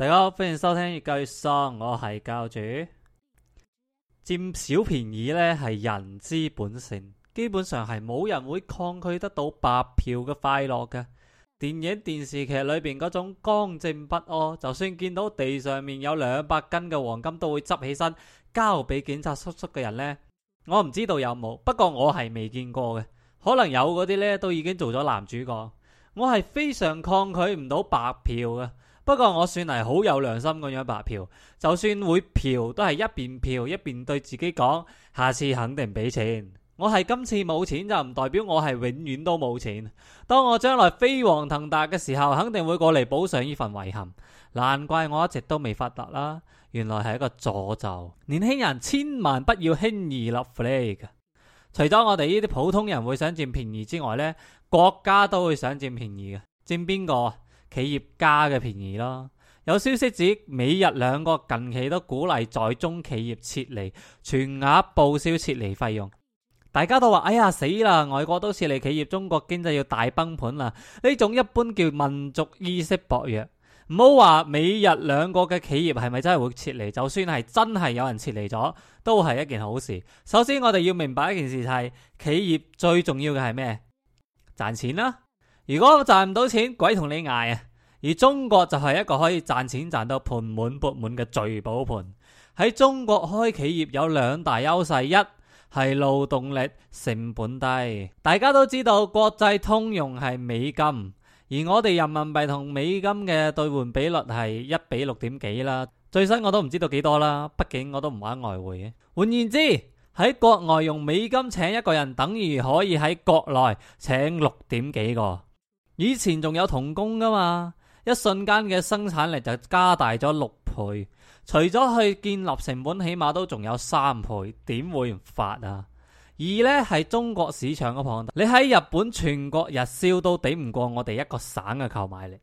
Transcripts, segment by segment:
大家好，歡迎收聽越教越喪，我係教主。佔小便宜呢係人之本性，基本上係冇人會抗拒得到白嫖嘅快樂嘅。電影、電視劇裏邊嗰種剛正不阿，就算見到地上面有兩百斤嘅黃金，都會執起身交俾警察叔叔嘅人呢，我唔知道有冇，不過我係未見過嘅，可能有嗰啲呢都已經做咗男主角。我係非常抗拒唔到白嫖嘅。不過我算係好有良心咁樣白嫖，就算會嫖都係一邊嫖一邊對自己講，下次肯定畀錢。我係今次冇錢就唔代表我係永遠都冇錢。當我將來飛黃騰達嘅時候，肯定會過嚟補償呢份遺憾。難怪我一直都未發達啦，原來係一個詛咒。年輕人千萬不要輕易立 flag。除咗我哋呢啲普通人會想佔便宜之外呢，國家都會想佔便宜嘅，佔邊個？企業家嘅便宜咯，有消息指美日兩國近期都鼓勵在中企業撤離，全額報銷撤離費用。大家都話：哎呀死啦，外國都撤離企業，中國經濟要大崩盤啦！呢種一般叫民族意識薄弱。唔好話美日兩國嘅企業係咪真係會撤離？就算係真係有人撤離咗，都係一件好事。首先，我哋要明白一件事就係：企業最重要嘅係咩？賺錢啦。如果我賺唔到錢，鬼同你捱啊！而中國就係一個可以賺錢賺到盆滿鉢滿嘅聚寶盆。喺中國開企業有兩大優勢，一係勞動力成本低。大家都知道國際通用係美金，而我哋人民幣同美金嘅兌換比率係一比六點幾啦。最新我都唔知道幾多啦，畢竟我都唔玩外匯。換言之，喺國外用美金請一個人，等於可以喺國內請六點幾個。以前仲有童工噶嘛，一瞬間嘅生產力就加大咗六倍，除咗去建立成本，起碼都仲有三倍，點會唔發啊？二呢係中國市場嘅龐大，你喺日本全國日銷都抵唔過我哋一個省嘅購買力，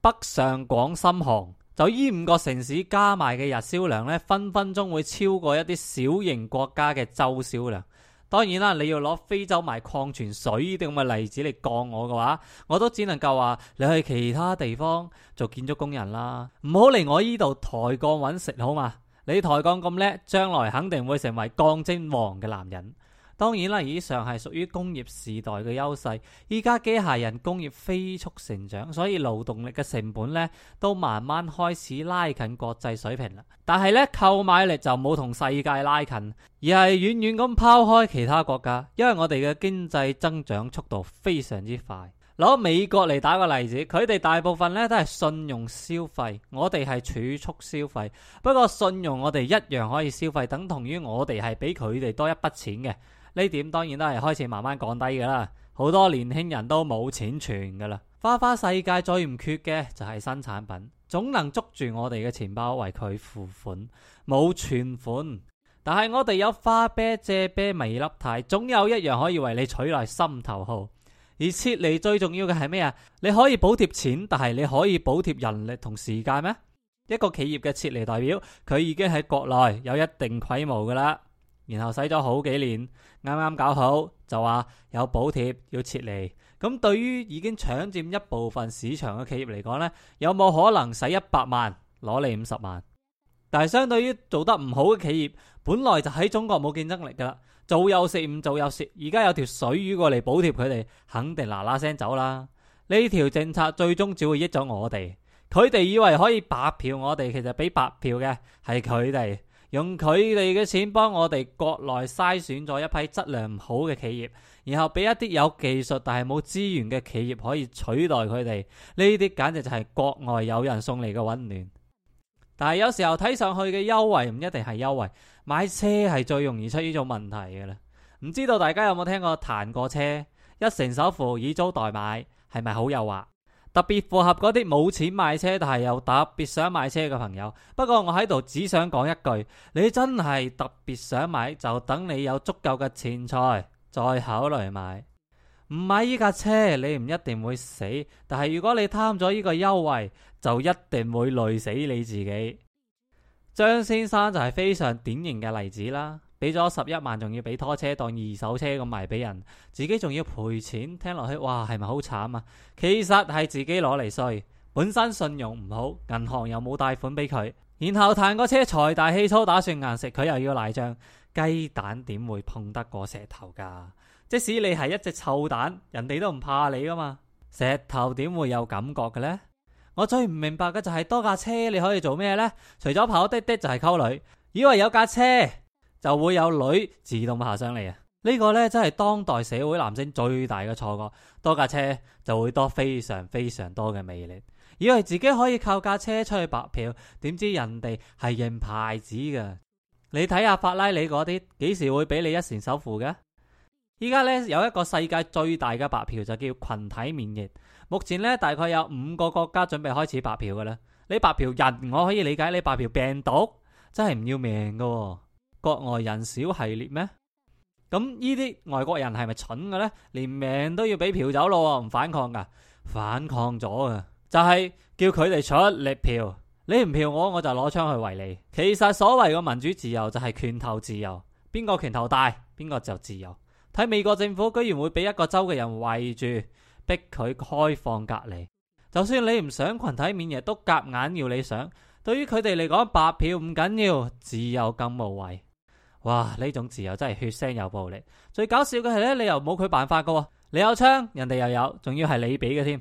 北上廣深杭就呢五個城市加埋嘅日銷量呢，分分鐘會超過一啲小型國家嘅周銷量。.當然啦，你要攞非洲賣礦泉水呢啲咁嘅例子嚟槓我嘅話，我都只能夠話你去其他地方做建築工人啦，唔好嚟我呢度抬槓搵食好嘛？你抬槓咁叻，將來肯定會成為槓精王嘅男人。當然啦，以上係屬於工業時代嘅優勢。依家機械人工業飛速成長，所以勞動力嘅成本咧都慢慢開始拉近國際水平啦。但係咧購買力就冇同世界拉近，而係遠遠咁拋開其他國家。因為我哋嘅經濟增長速度非常之快。攞美國嚟，打個例子，佢哋大部分咧都係信用消費，我哋係儲蓄消費。不過信用我哋一樣可以消費，等同於我哋係俾佢哋多一筆錢嘅。呢點當然都係開始慢慢降低噶啦，好多年輕人都冇錢存噶啦，花花世界最唔缺嘅就係新產品，總能捉住我哋嘅錢包為佢付款，冇存款，但係我哋有花唄、借唄、微粒貸，總有一樣可以為你取來心頭好。而撤離最重要嘅係咩啊？你可以補貼錢，但係你可以補貼人力同時間咩？一個企業嘅撤離代表，佢已經喺國內有一定規模噶啦。然後使咗好幾年，啱啱搞好就話有補貼要撤離。咁對於已經搶佔一部分市場嘅企業嚟講呢，有冇可能使一百萬攞你五十萬？但係相對於做得唔好嘅企業，本來就喺中國冇競爭力噶啦，做又蝕，唔做又蝕。而家有條水魚過嚟補貼佢哋，肯定嗱嗱聲走啦。呢條政策最終只會益咗我哋，佢哋以為可以白嫖我哋，其實俾白嫖嘅係佢哋。用佢哋嘅錢幫我哋國內篩選咗一批質量唔好嘅企業，然後俾一啲有技術但係冇資源嘅企業可以取代佢哋。呢啲簡直就係國外有人送嚟嘅温暖。但係有時候睇上去嘅優惠唔一定係優惠，買車係最容易出呢種問題嘅啦。唔知道大家有冇聽過彈過車一成首付以租代買係咪好誘惑？是特別符合嗰啲冇錢買車但係又特別想買車嘅朋友。不過我喺度只想講一句，你真係特別想買，就等你有足夠嘅錢財再考慮買。唔買依架車，你唔一定會死，但係如果你貪咗依個優惠，就一定會累死你自己。張先生就係非常典型嘅例子啦。俾咗十一萬，仲要俾拖車當二手車咁賣俾人，自己仲要賠錢。聽落去哇，係咪好慘啊？其實係自己攞嚟衰，本身信用唔好，銀行又冇貸款俾佢。然後彈個車財大氣粗，打算硬食佢，又要賴賬。雞蛋點會碰得過石頭噶？即使你係一隻臭蛋，人哋都唔怕你噶嘛？石頭點會有感覺嘅呢？我最唔明白嘅就係多架車你可以做咩呢？除咗跑滴滴就係溝女，以為有架車。就會有女自動爬上嚟啊！呢個呢，真係當代社會男性最大嘅錯覺。多架車就會多非常非常多嘅魅力，以為自己可以靠架車出去白嫖，點知人哋係認牌子噶。你睇下法拉利嗰啲幾時會俾你一成首付嘅？依家呢，有一個世界最大嘅白嫖就叫群體免疫，目前呢，大概有五個國家準備開始白嫖噶啦。你白嫖人我可以理解，你白嫖病毒真係唔要命噶、喎。國外人少系列咩？咁呢啲外國人係咪蠢嘅咧？連命都要俾嫖走咯、啊，唔反抗噶？反抗咗啊！就係、是、叫佢哋出力嫖，你唔嫖我，我就攞槍去圍你。其實所謂嘅民主自由就係拳頭自由，邊個拳頭大，邊個就自由。睇美國政府居然會俾一個州嘅人圍住，逼佢開放隔離。就算你唔想群體免疫，都夾硬要你想。對於佢哋嚟講，白嫖唔緊要緊，自由更無謂。哇！呢種自由真係血腥又暴力。最搞笑嘅係呢，你又冇佢辦法嘅。你有槍，人哋又有，仲要係你俾嘅添。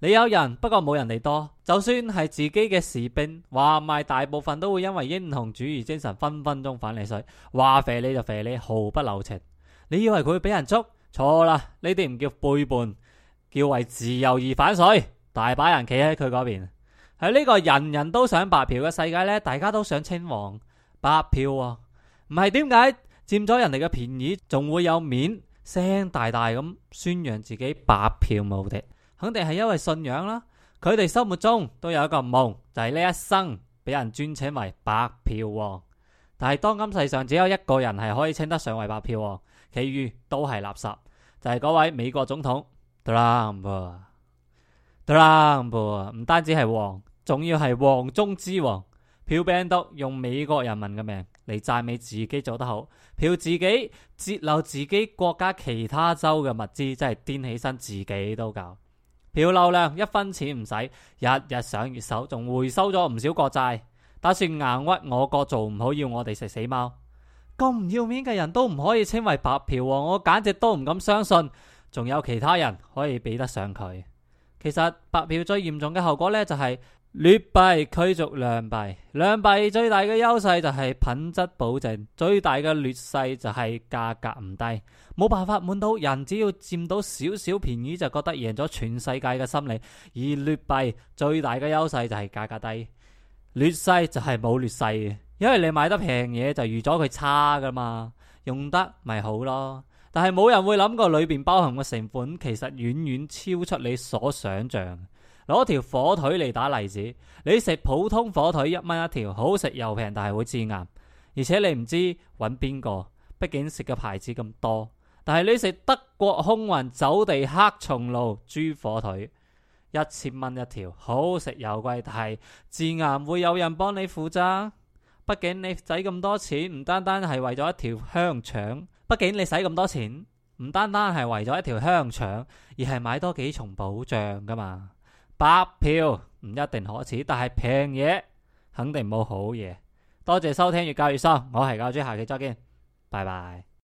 你有人，不過冇人哋多。就算係自己嘅士兵，話唔埋，大部分都會因為英雄主義精神，分分鐘反你水。話肥你就肥你，毫不留情。你以為佢會俾人捉？錯啦，呢啲唔叫背叛，叫為自由而反水。大把人企喺佢嗰邊，喺呢個人人都想白嫖嘅世界呢，大家都想稱王白嫖啊！唔係，點解佔咗人哋嘅便宜，仲會有面聲大大咁宣揚自己白票無敵？肯定係因為信仰啦。佢哋心目中都有一個夢，就係呢一生俾人尊稱為白票王。但係當今世上只有一個人係可以稱得上為白票王，其餘都係垃圾。就係嗰位美國總統 Trump。Trump 唔單止係王，仲要係王中之王。票病毒用美國人民嘅命。你讚美自己做得好，嫖自己截留自己國家其他州嘅物資，真係癲起身自己都搞。嫖流量一分錢唔使，日日上月手，仲回收咗唔少國債，打算硬屈我國做唔好，要，要我哋食死貓。咁唔要面嘅人都唔可以稱為白嫖，我簡直都唔敢相信，仲有其他人可以比得上佢。其實白嫖最嚴重嘅後果呢，就係、是。劣幣驅逐良幣，良幣最大嘅優勢就係品質保證，最大嘅劣勢就係價格唔低，冇辦法滿到人只要佔到少少便宜就覺得贏咗全世界嘅心理。而劣幣最大嘅優勢就係價格低，劣勢就係冇劣勢，因為你買得平嘢就預咗佢差噶嘛，用得咪好咯。但係冇人會諗過裏邊包含嘅成本其實遠遠超出你所想象。攞條火腿嚟打例子，你食普通火腿一蚊一條，好食又平，但係會致癌，而且你唔知揾邊個。畢竟食嘅牌子咁多，但係你食德國空運走地黑松露豬火腿一千蚊一條，好食又貴，但係致癌會有人幫你負責？畢竟你使咁多錢唔單單係為咗一條香腸，畢竟你使咁多錢唔單單係為咗一條香腸，而係買多幾重保障噶嘛。白嫖唔一定可恥，但係平嘢，肯定冇好嘢。多謝收聽《越教越深》，我係教主，下期再見，拜拜。